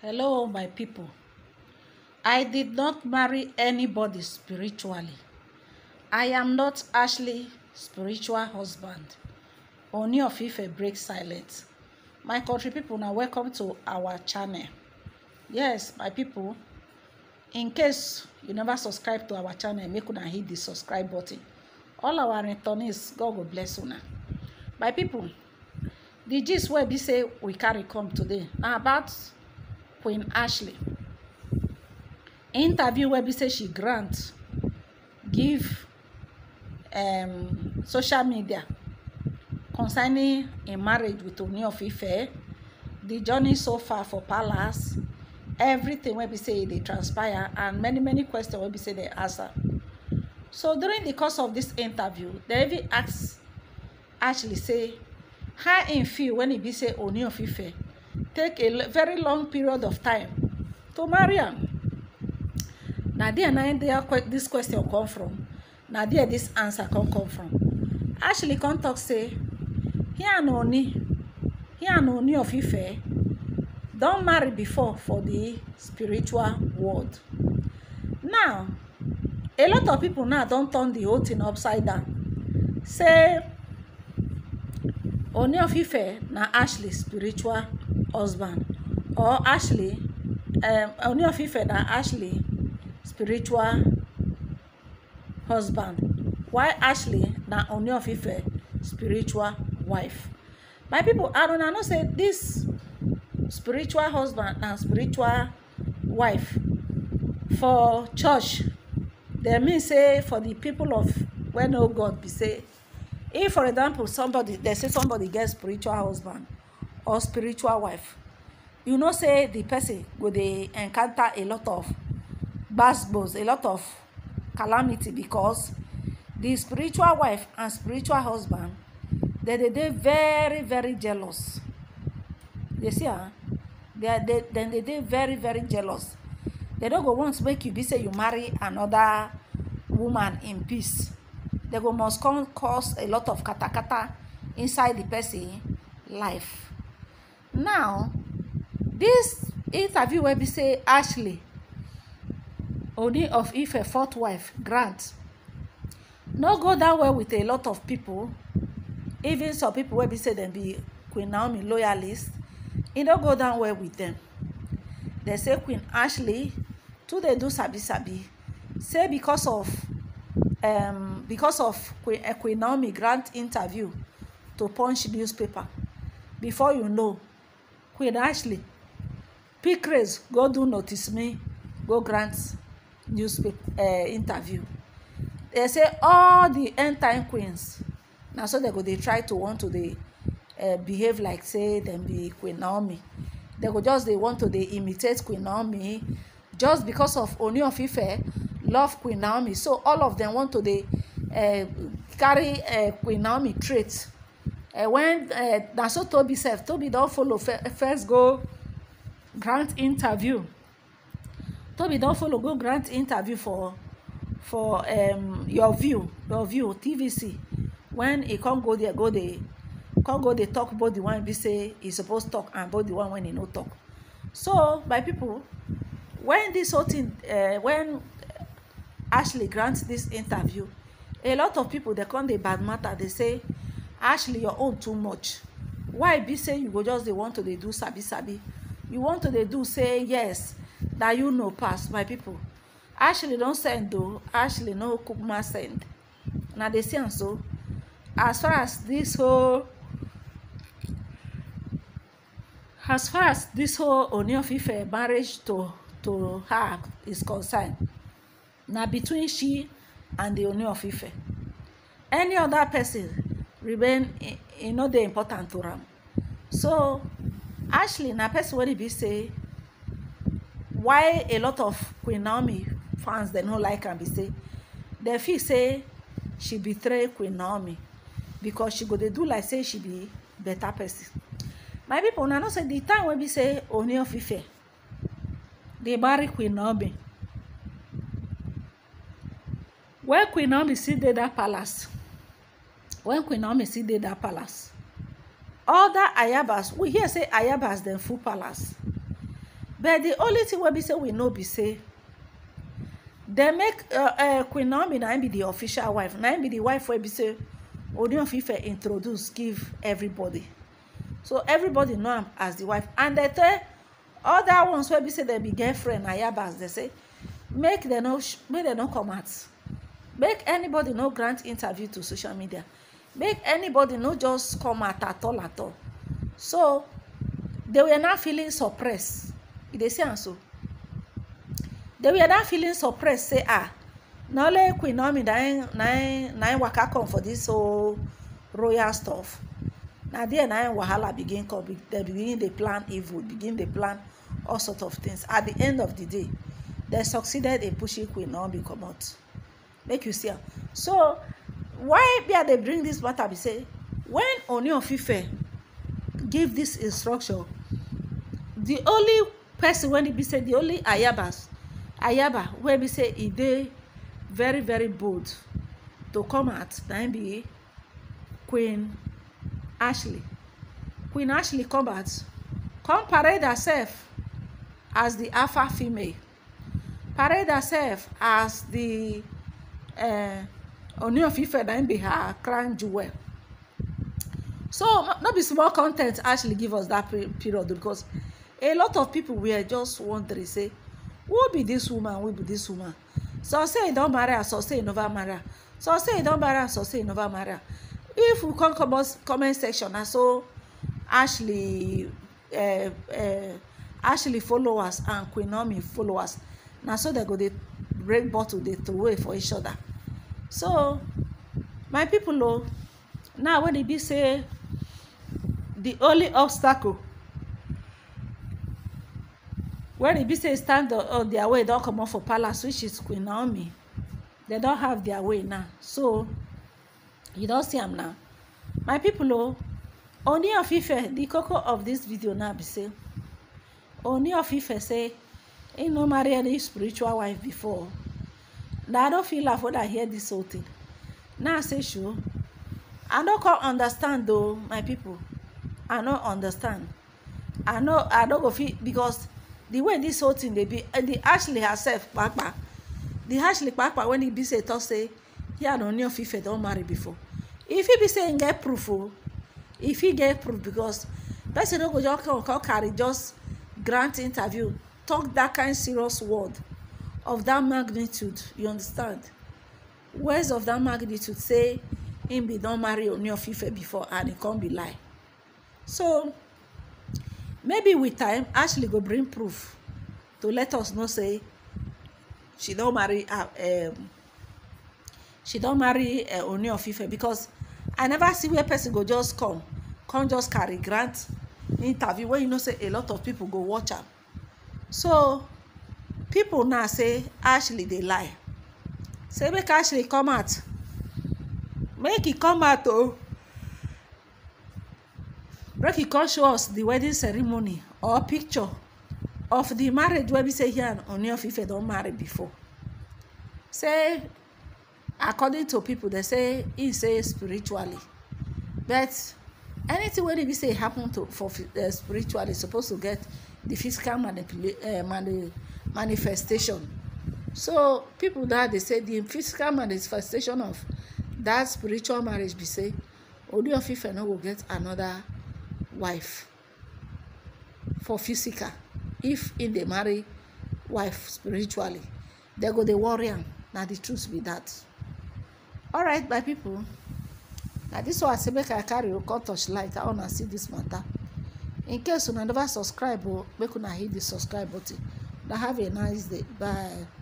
Hello, my people. I did not marry anybody spiritually. I am not Ashley's spiritual husband. Only of Ife break silent. My country people, na welcome to our channel. Yes, my people, in case you never subscribe to our channel, make una hit the subscribe button. All our returnees, God will bless you now. My people, the gist where we say we carry come today na about queen ashley interview where we say she grant give um, social media concerning a marriage with oni of ife di journey so far for palace everything where we say they transpire and many many questions where we say they answer. so during the course of this interview dem even ask ashley say how in feel when e be say oni of ife take a very long period of time to marry am na there na there this question come from na there this answer come come from ashley come talk say here na oni here na oni of ife don marry before for the spiritual world now a lot of people now don turn the whole thing upside down say oni ofife na ashley spiritual husband or ashley um, oni ofife na ashley spiritual husband Why ashley na oni ofife spiritual wife my people i don't know say this spiritual husband and spiritual wife for church dem mean say for the people of wey no god be say if for example somebody they say somebody get spiritual husband or spiritual wife you know say the person go dey encounter a lot of gbasgbos a lot of calamity because the spiritual wife and spiritual husband they dey dey very very jealous you see ah they they dem dey dey very very jealous they no go want make you be say you marry another woman in peace they go must come cause a lot of katakata inside the person life now this interview wey be say ashley only of if a fourth wife grant no go that well with a lot of people even some people wey be say dem be queen naomi loyalist e don't go down well with them. They say queen ashley too they do sabi sabi say because of um, because of eh, Queen, Naomi Grant interview to Punch newspaper. Before you know, Queen Ashley, pick go do notice me, go grant newspaper uh, interview. They say all the end time queens, Now, so they go they try to want to dey uh, eh, behave like say them be Queen Naomi. They go just they want to they imitate Queen Naomi just because of Ooni of Ife love queen naomi so all of them want to dey uh, eh, carry uh, queen naomi trait uh, eh, when uh, na so "Toby sef tobi don follow first go grant interview Toby don follow go grant interview for for um, your view your view tvc when e come go there go dey come go dey talk both the one be say e suppose talk and both the one when e no talk so my people when this whole thing uh, when ashley grant this interview a lot of people they come they bad matter dey say ashley your own too much why be say you go just dey want to they do sabi sabi you want to they do say yes That you know pass my people. ashley don't send though. ashley no cook my send Now they say am so as far as this whole as far as this whole Ooni marriage to to her is concerned na between she and the Ooni of Ife any other person remain in not the important to them. so Ashley na person wey e be say why a lot of Queen Naomi fans they no like and be say they feel say she betray Queen Naomi because she go dey do like say she be better person my people now know say the time when be say Ooni of Ife they marry Queen Naomi when queen naomi still dey that palace when queen naomi still dey that palace All that ayabas we hear say ayabas dem full palace but the only thing wey be say we know be say dem make uh, uh, queen naomi na im be the official wife na be the wife wey be say Ooni of Ife introduce give everybody so everybody know am as the wife and dem tell that ones wey be say dem be girlfriend ayabas dem say make dem no make dem no come out make anybody no grant interview to social media make anybody no just come out at all at all so they were now feeling suppressed You dey say am so they were now feeling suppressed say ah na only queen naomi na im na im na im waka come for this whole royal stuff na there na im wahala begin come They begin dey plan evil begin dey plan all sort of things at the end of the day they succeeded in pushing queen naomi comot make you see am so why bia dey bring this matter be say when oni of ife give dis instruction the only person wey be say the only ayabas ayaba wey be say e dey very very bold to come out na im be queen ashley queen ashley come out come parade herself as the alpha female parade herself as the oni of ife na im be her crown jewel so no be small content actually give us that period because a lot of people were just wondering say who be this woman who be this woman So say e don marry her some say e never marry her some say e don marry her some say e never marry her if we come comment section na so ashley eh, eh, ashley followers and queen naomi followers na so they go dey break bottle dey throway for each other so my people o now wey e be say the only obstacle wey e be say stand on, on their way don comot for palace which is Queen Naomi dem don have their way now so you don see am now my people o Ooni of Ife the koko of this video now be say Ooni of say He no marry any spiritual wife before. Now I don't feel like when I hear this whole thing. Now I say sure. I don't come understand though, my people. I no understand. I no I don't go feel because the way this whole thing they be and eh, the Ashley herself papa the Ashley papa when he be say talk say he and Onion Fife don't marry before. If he be saying get proof oh, if he get proof because person no go just carry just grant interview talk that kind serious word of that magnitude you understand words of that magnitude say him bin don marry Ooni before and e come be lie so maybe with time Ashley go bring proof to let us know say she don marry uh, um, she don marry uh, Ooni because i never see where person go just come come just carry grant interview wey you know say a lot of people go watch am so people now say ashley dey lie say make ashley come out make he come out o oh. make he come show us the wedding ceremony or picture of the marriage wey be say here and oni of ife don marry before say according to people dem say he say spiritually but anything wey be say happen to for uh, spiritual dey suppose to get the physical manipula uh, mani manifestation so people now dey say the physical manifestation of that spiritual marriage be say Ooni of Ife no go get another wife for physical if im dey marry wife spiritually they go dey worry am na the truth be that All right, my people na this one i say make i carry you come touch light i wanna see this matter in case una never subscribe o oh, make una hit the subscribe button na have a nice day bye